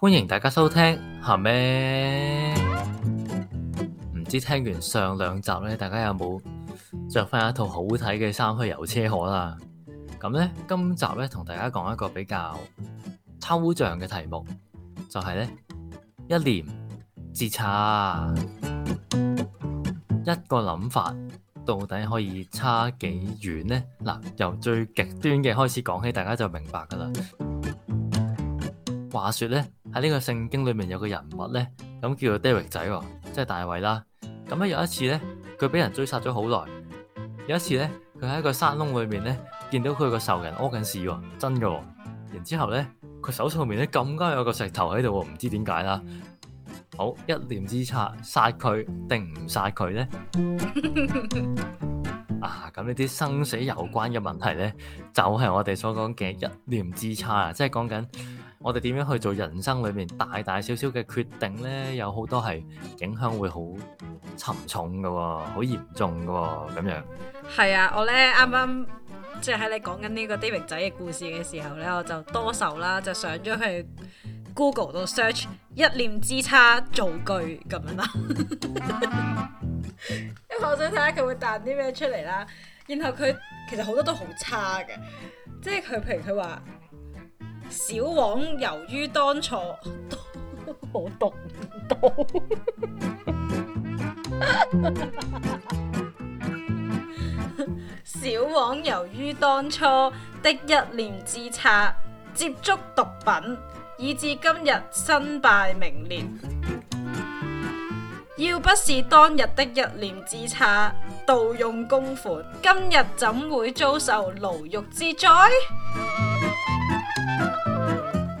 歡迎大家收聽，吓咩？唔知聽完上兩集呢，大家有冇着翻一套好睇嘅衫去遊車河啦？咁呢，今集呢，同大家講一個比較抽象嘅題目，就係呢：「一念之差」。一個諗法到底可以差幾遠呢？嗱，由最極端嘅開始講起，大家就明白噶啦。話說呢。喺呢個聖經裏面有個人物咧，咁叫做 David 仔喎、哦，即係大衛啦。咁咧有一次咧，佢俾人追殺咗好耐。有一次咧，佢喺一個山窿裏面咧，見到佢個仇人屙緊屎喎，真嘅、哦。然之後咧，佢手上面咧，咁啱有個石頭喺度，唔、哦、知點解啦。好一念之差，殺佢定唔殺佢咧？呢 啊，咁呢啲生死攸關嘅問題咧，就係、是、我哋所講嘅一念之差啊！即係講緊。我哋點樣去做人生裏面大大小小嘅決定呢？有好多係影響會好沉重噶喎，好嚴重噶喎咁樣。係啊，我呢啱啱即係喺你講緊呢個 David 仔嘅故事嘅時候呢，我就多手啦，就上咗去 Google 度 search 一念之差造句咁樣啦。 因為我想睇下佢會彈啲咩出嚟啦。然後佢其實好多都好差嘅，即係佢譬如佢話。小王由於當初我讀唔到，小王由於當初的一念之差接觸毒品，以至今日身敗名裂。要不是當日的一念之差盜用公款，今日怎會遭受牢獄之災？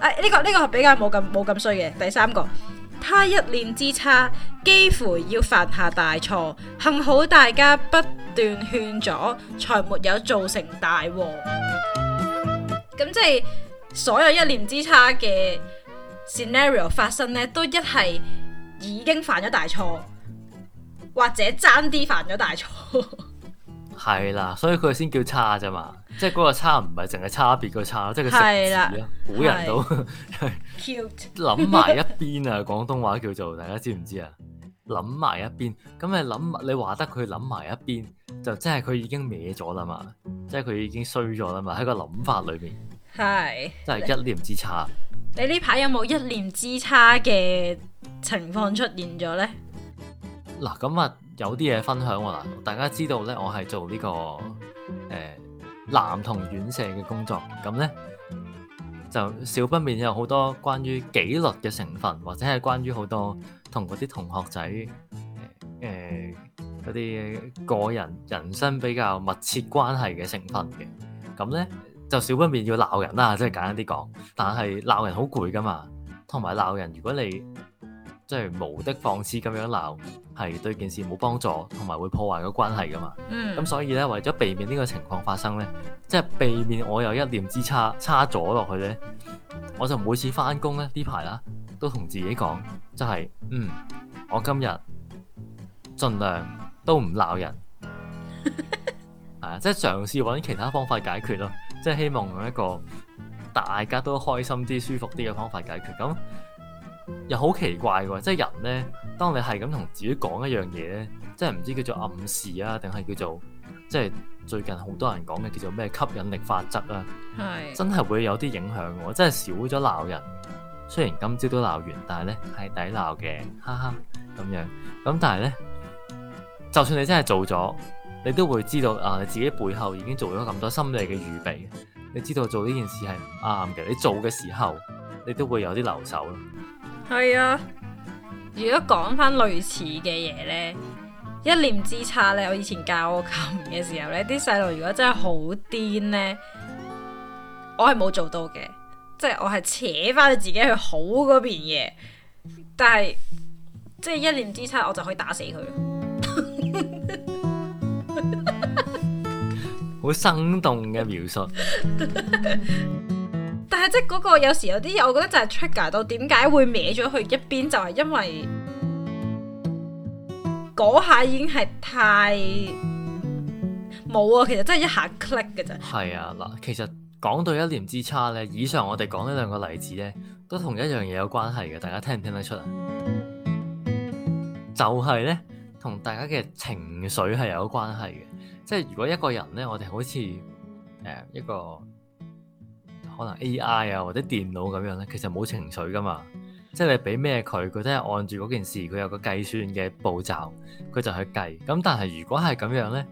誒，呢、啊，這個呢、這個比較冇咁冇咁衰嘅。第三個，他一念之差幾乎要犯下大錯，幸好大家不斷勸阻，才沒有造成大禍。咁 即係所有一念之差嘅 scenario 發生呢，都一係已經犯咗大錯，或者爭啲犯咗大錯。 係啦，所以佢先叫差啫嘛，即係嗰個差唔係淨係差別個差，即係佢食字咯、啊。了古人都諗埋一邊啊，廣東話叫做大家知唔知啊？諗埋一邊，咁你諗，你話得佢諗埋一邊，就即係佢已經歪咗啦嘛，即係佢已經衰咗啦嘛，喺個諗法裏面，係對真係一念之差。你呢排有冇一念之差嘅情況出現咗咧？嗱、啊，咁、啊。有啲嘢分享喎，大家知道呢、這個，我係做呢個誒男童院舍嘅工作，咁呢，就少不免有好多關於紀律嘅成分，或者係關於好多同嗰啲同學仔誒嗰啲個人人生比較密切關係嘅成分嘅，咁呢，就少不免要鬧人啦，即係簡單啲講，但係鬧人好攰㗎嘛，同埋鬧人如果你。即係無的放矢咁樣鬧，係對件事冇幫助，同埋會破壞個關係噶嘛。咁、嗯、所以咧，為咗避免呢個情況發生咧，即係避免我有一念之差差咗落去咧，我就每次翻工咧呢排啦，都同自己講，就係、是、嗯，我今日盡量都唔鬧人，係 啊，即係嘗試揾其他方法解決咯，即係希望用一個大家都開心啲、舒服啲嘅方法解決咁。嗯又好奇怪喎，即係人呢，當你係咁同自己講一樣嘢呢，即係唔知叫做暗示啊，定係叫做即係最近好多人講嘅叫做咩吸引力法則啊，的真係會有啲影響嘅。真係少咗鬧人，雖然今朝都鬧完，但係呢係抵鬧嘅，哈哈咁樣。咁但係呢，就算你真係做咗，你都會知道啊，你自己背後已經做咗咁多心理嘅預備。你知道做呢件事係唔啱嘅，你做嘅時候你都會有啲留手咯。係啊，如果講翻類似嘅嘢呢，一念之差呢。我以前教我琴嘅時候呢，啲細路如果真係好癲呢，我係冇做到嘅，即係我係扯翻你自己去好嗰邊嘅，但係即係一念之差，我就可以打死佢 好生動嘅描述。 但係即係嗰個有時有啲嘢，我覺得就係出格到，點解會歪咗去一邊？就係、是、因為嗰下已經係太冇啊！其實真係一下 click 嘅啫。係啊，嗱，其實講到一念之差咧，以上我哋講呢兩個例子咧，都同一樣嘢有關係嘅。大家聽唔聽得出啊？就係、是、咧，同大家嘅情緒係有關係嘅。即係如果一個人咧，我哋好似誒、呃、一個。可能 A.I. 啊，或者電腦咁樣咧，其實冇情緒噶嘛，即係你俾咩佢，佢都係按住嗰件事，佢有個計算嘅步驟，佢就去計。咁但係如果係咁樣咧，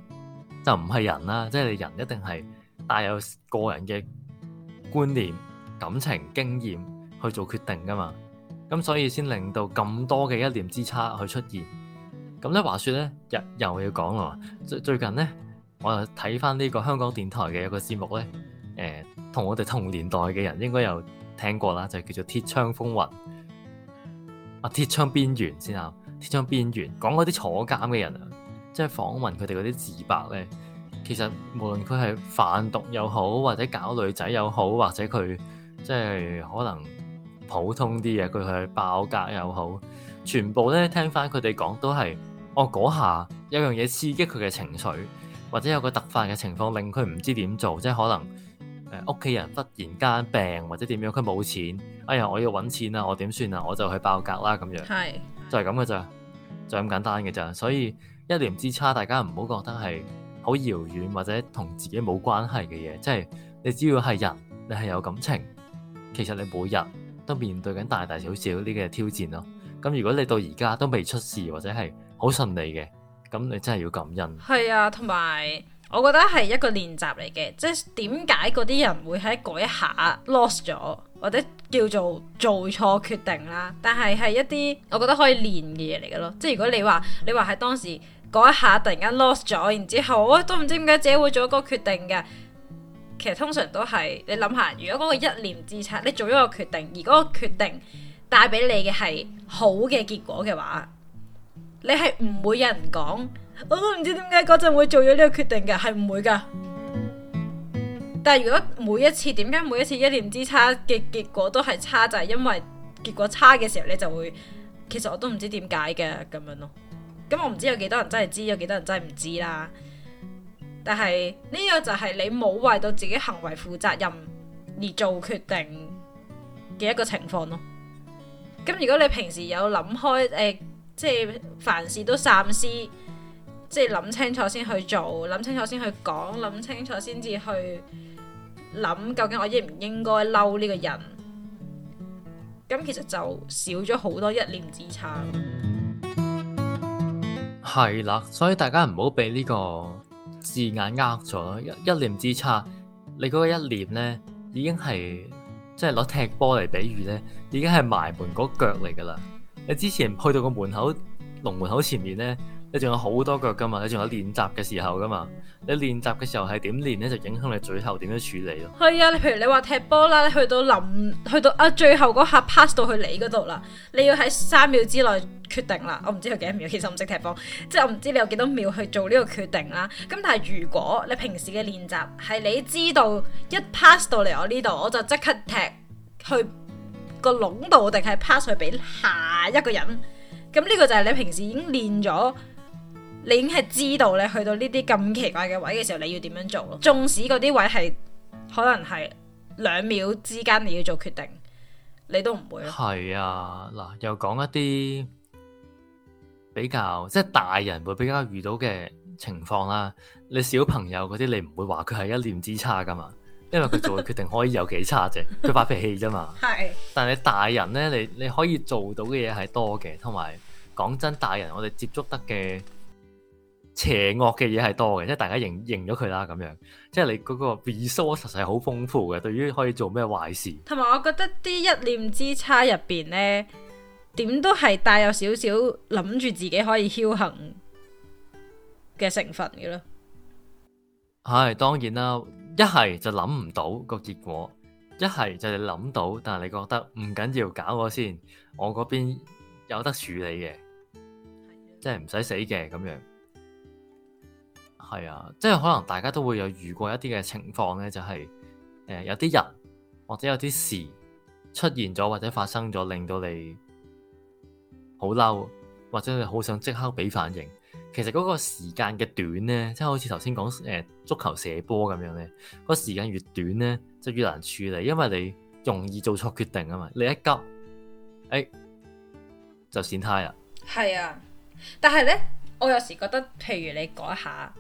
就唔係人啦，即係你人一定係帶有個人嘅觀念、感情、經驗去做決定噶嘛。咁所以先令到咁多嘅一念之差去出現。咁咧，話説咧，又又要講啦嘛。最近咧，我又睇翻呢個香港電台嘅一個節目咧，誒、欸。同我哋同年代嘅人，應該有聽過啦，就係叫做《鐵窗風雲》啊，鐵《鐵窗邊緣》先啊，《鐵窗邊緣》講嗰啲坐監嘅人啊，即係訪問佢哋嗰啲自白咧。其實無論佢係販毒又好，或者搞女仔又好，或者佢即係可能普通啲嘢，佢係爆格又好，全部咧聽返佢哋講都係哦，嗰下有樣嘢刺激佢嘅情緒，或者有個突發嘅情況令佢唔知點做，即係可能。誒屋企人忽然間病或者點樣，佢冇錢，哎呀我要揾錢啊，我點算啊，我就去爆格啦咁樣，係係就係咁嘅咋，就咁、係、簡單嘅咋，所以一念之差，大家唔好覺得係好遙遠或者同自己冇關係嘅嘢，即、就、係、係、你只要係人，你係有感情，其實你每日都面對緊大大少少呢嘅挑戰咯。咁如果你到而家都未出事或者係好順利嘅，咁你真係要感恩。係啊，同埋。我覺得係一個練習嚟嘅，即係點解嗰啲人會喺嗰一下 lost 咗，或者叫做做錯決定啦。但係係一啲我覺得可以練嘅嘢，嚟嘅咯。即係如果你話你話喺當時嗰一下突然間 lost 咗，然後之後我都唔知點解自己會做一個決定嘅。其實通常都係你諗下，如果嗰個一念之差，你做咗個決定，而嗰個決定帶俾你嘅係好嘅結果嘅話，你係唔會有人講。我都唔知點解嗰陣會做咗呢個決定嘅，係唔會噶。但係如果每一次，點解每一次一念之差嘅結果都係差，就係、是、因為結果差嘅時候你就會其實我都唔知點解嘅咁樣咯。咁、嗯、我唔知有幾多人真係知，有幾多人真係唔知啦。但係呢、這個就係你冇為到自己行為負責任而做決定嘅一個情況咯。咁、嗯嗯嗯、如果你平時有諗開，誒、呃，即係凡事都三思。即係諗清楚先去做，諗清楚先去講，諗清楚先至去諗究竟我應唔應該嬲呢個人。咁其實就少咗好多一念之差咯。係啦、嗯，所以大家唔好俾呢個字眼呃咗一,一念之差。你嗰個一念呢已經係即係攞踢波嚟比喻呢，已經係埋門嗰腳嚟噶啦。你之前去到個門口，龍門口前面呢。你仲有好多腳噶嘛？你仲有練習嘅時候噶嘛？你練習嘅時候係點練呢？就影響你最後點樣處理咯。係啊，你、啊、譬如你話踢波啦，你去到臨，去到啊最後嗰下 pass 到去你嗰度啦，你要喺三秒之內決定啦。我唔知佢幾多秒，其實我唔識踢波，即係我唔知你有幾多秒去做呢個決定啦。咁但係如果你平時嘅練習係你知道一 pass 到嚟我呢度，我就即刻踢去個窿度，定係 pass 去俾下一個人？咁呢個就係你平時已經練咗。你已經係知道咧，去到呢啲咁奇怪嘅位嘅時候，你要點樣做咯？縱使嗰啲位係可能係兩秒之間你要做決定，你都唔會係啊。嗱，又講一啲比較，即係大人會比較遇到嘅情況啦。你小朋友嗰啲，你唔會話佢係一念之差噶嘛？因為佢做嘅決定可以有幾差啫，佢 發脾氣啫嘛。係， 但係大人呢，你你可以做到嘅嘢係多嘅，同埋講真，大人我哋接觸得嘅。邪惡嘅嘢係多嘅，即係大家認認咗佢啦咁樣，即係你嗰個 resource 實係好豐富嘅，對於可以做咩壞事。同埋我覺得啲一念之差入邊呢，點都係帶有少少諗住自己可以僥倖嘅成分嘅咯。係當然啦，一係就諗唔到個結果，一係就係諗到，但係你覺得唔緊要搞我先，我嗰邊有得處理嘅，即係唔使死嘅咁樣。係啊，即係可能大家都會有遇過一啲嘅情況咧，就係、是、誒、呃、有啲人或者有啲事出現咗或者發生咗，令到你好嬲或者你好想即刻俾反應。其實嗰個時間嘅短咧，即係好似頭先講誒足球射波咁樣咧，嗰個時間越短咧就越難處理，因為你容易做錯決定啊嘛。你一急誒、哎、就閃軚啦。係啊，但係咧，我有時覺得譬如你改下。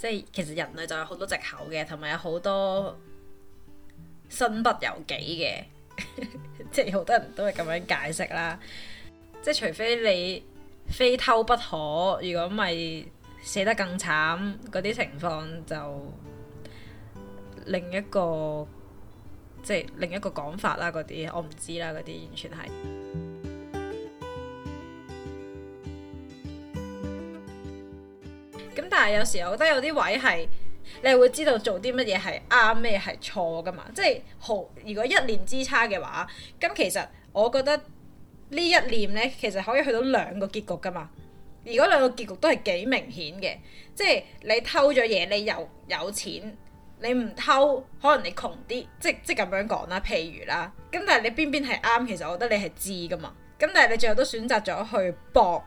即係其實人類就有好多借口嘅，同埋有好多身不由己嘅，即係好多人都係咁樣解釋啦。即係除非你非偷不可，如果唔係死得更慘，嗰啲情況就另一個，即係另一個講法啦。嗰啲我唔知啦，嗰啲完全係。咁但係有時候我覺得有啲位係你係會知道做啲乜嘢係啱，咩係錯噶嘛？即係好，如果一念之差嘅話，咁其實我覺得呢一念咧，其實可以去到兩個結局噶嘛。如果兩個結局都係幾明顯嘅，即係你偷咗嘢，你又有，有錢；你唔偷，可能你窮啲。即即咁樣講啦，譬如啦，咁但係你邊邊係啱？其實我覺得你係知噶嘛。咁但係你最後都選擇咗去搏。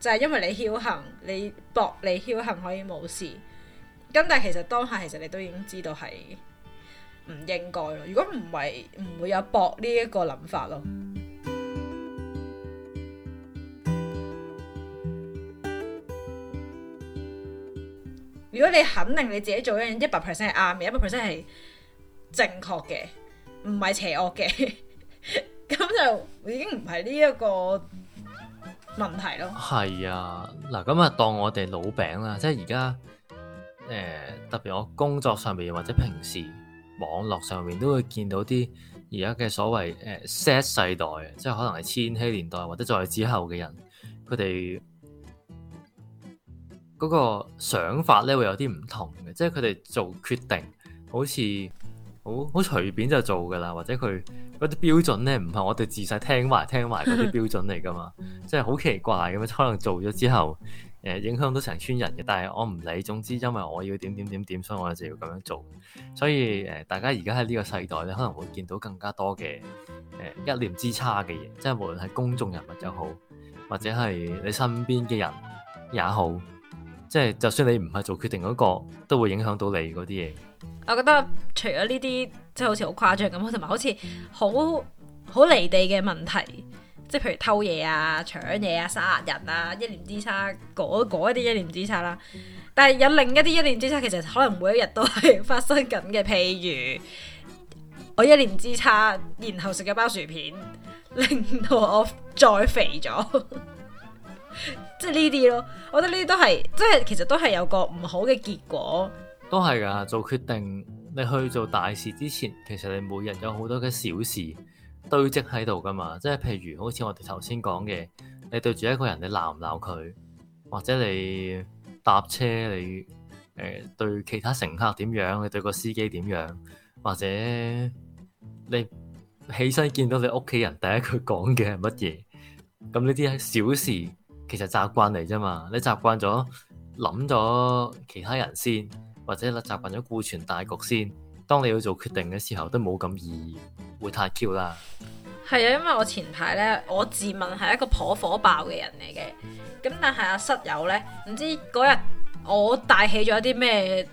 就係因為你僥倖，你搏你僥倖可以冇事。咁但係其實當下其實你都已經知道係唔應該咯。如果唔係，唔會有搏呢一個諗法咯。如果你肯定你自己做一樣嘢一百 percent 係啱嘅，一百 percent 係正確嘅，唔係邪惡嘅，咁就已經唔係呢一個問題咯，係啊，嗱咁啊，當我哋老餅啦，即係而家，誒、呃、特別我工作上面或者平時網絡上面都會見到啲而家嘅所謂誒 Z、呃、世代，即係可能係千禧年代或者再之後嘅人，佢哋嗰個想法咧會有啲唔同嘅，即係佢哋做決定好似，好好隨便就做噶啦，或者佢嗰啲標準咧，唔係我哋自細聽埋聽埋嗰啲標準嚟噶嘛，即係好奇怪咁樣，可能做咗之後，誒、呃、影響到成村人嘅。但係我唔理，總之因為我要點點點點，所以我就要咁樣做。所以誒、呃，大家而家喺呢個世代咧，可能會見到更加多嘅誒、呃、一念之差嘅嘢，即係無論係公眾人物也好，或者係你身邊嘅人也好，即係就算你唔係做決定嗰、那個，都會影響到你嗰啲嘢。我覺得除咗呢啲即係好似好誇張咁，同埋好似好好離地嘅問題，即係譬如偷嘢啊、搶嘢啊、殺人啊，一念之差嗰一啲一念之差啦。但係有另一啲一念之差，其實可能每一日都係發生緊嘅，譬如我一念之差，然後食咗包薯片，令到我再肥咗， 即係呢啲咯。我覺得呢啲都係，即係其實都係有個唔好嘅結果。都係㗎，做決定你去做大事之前，其實你每日有好多嘅小事堆積喺度㗎嘛。即係譬如，好似我哋頭先講嘅，你對住一個人你鬧唔鬧佢，或者你搭車你誒、呃、對其他乘客點樣，你對個司機點樣，或者你起身見到你屋企人第一句講嘅係乜嘢。咁呢啲係小事，其實習慣嚟啫嘛。你習慣咗諗咗其他人先。或者啦，習慣咗顧全大局先，當你要做決定嘅時候都冇咁易，會太 Q 啦。係啊，因為我前排呢，我自問係一個頗火爆嘅人嚟嘅，咁但係阿、啊、室友呢，唔知嗰日我帶起咗啲咩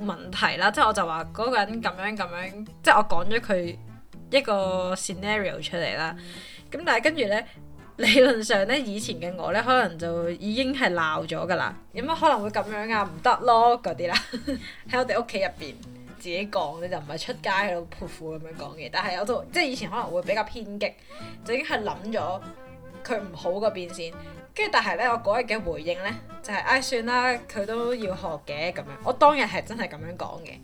問題啦，即係我就話、是、嗰個人咁樣咁樣，即、就、係、是、我講咗佢一個 scenario 出嚟啦，咁但係跟住呢。理論上咧，以前嘅我咧，可能就已經係鬧咗㗎啦，有乜可能會咁樣啊？唔得咯，嗰啲啦，喺 我哋屋企入邊自己講咧，就唔係出街喺度潑婦咁樣講嘢。但係我都即係以前可能會比較偏激，就已經係諗咗佢唔好嗰邊先。跟住，但係咧，我嗰日嘅回應咧就係、是、唉、哎，算啦，佢都要學嘅咁樣。我當日係真係咁樣講嘅，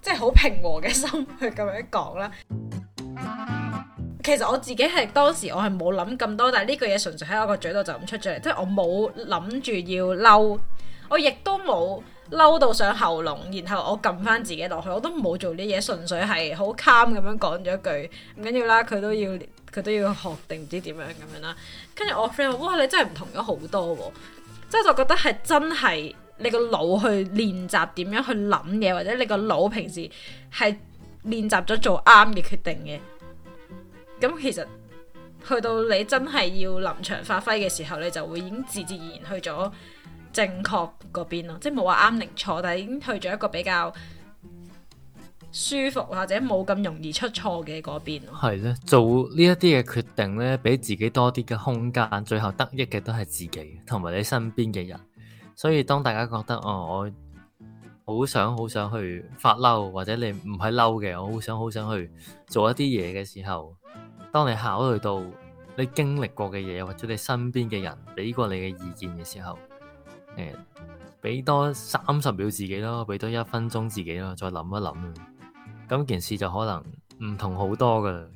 即係好平和嘅心去咁樣講啦。 其實我自己係當時我係冇諗咁多，但係呢句嘢純粹喺我個嘴度就咁出咗嚟，即係我冇諗住要嬲，我亦都冇嬲到上喉嚨，然後我撳翻自己落去，我都冇做呢啲嘢，純粹係好 calm 咁樣講咗一句唔緊要啦，佢都要佢都要學定唔知點樣咁樣啦。跟住我 friend 哇，你真係唔同咗好多喎！即係就覺得係真係你個腦去練習點樣去諗嘢，或者你個腦平時係練習咗做啱嘅決定嘅。咁其實去到你真係要臨場發揮嘅時候，你就會已經自自然然去咗正確嗰邊咯即係冇話啱定錯，但係已經去咗一個比較舒服或者冇咁容易出錯嘅嗰邊。係咧，做呢一啲嘅決定咧，俾自己多啲嘅空間，最後得益嘅都係自己同埋你身邊嘅人。所以當大家覺得哦，我好想好想去發嬲，或者你唔係嬲嘅，我好想好想去做一啲嘢嘅時候。當你考慮到你經歷過嘅嘢，或者你身邊嘅人俾過你嘅意見嘅時候，誒、欸，俾多三十秒自己咯，俾多一分鐘自己咯，再諗一諗，咁件事就可能唔同好多噶。呢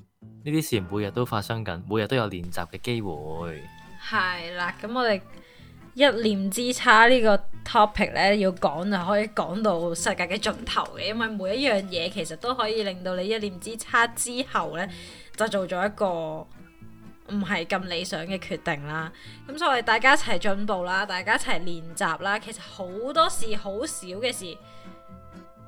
啲事每日都發生緊，每日都有練習嘅機會。係啦，咁我哋一念之差呢個 topic 咧，要講就可以講到世界嘅盡頭嘅，因為每一樣嘢其實都可以令到你一念之差之後咧。就做咗一個唔係咁理想嘅決定啦。咁所以大家一齊進步啦，大家一齊練習啦。其實好多事，好少嘅事，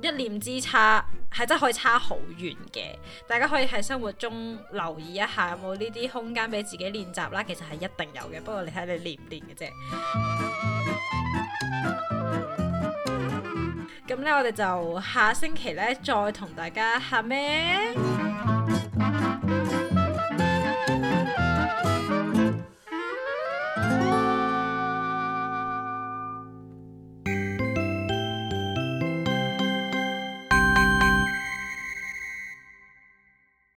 一念之差係真係可以差好遠嘅。大家可以喺生活中留意一下，有冇呢啲空間俾自己練習啦。其實係一定有嘅，不過你睇你練唔練嘅啫。咁 呢，我哋就下星期呢，再同大家喊咩？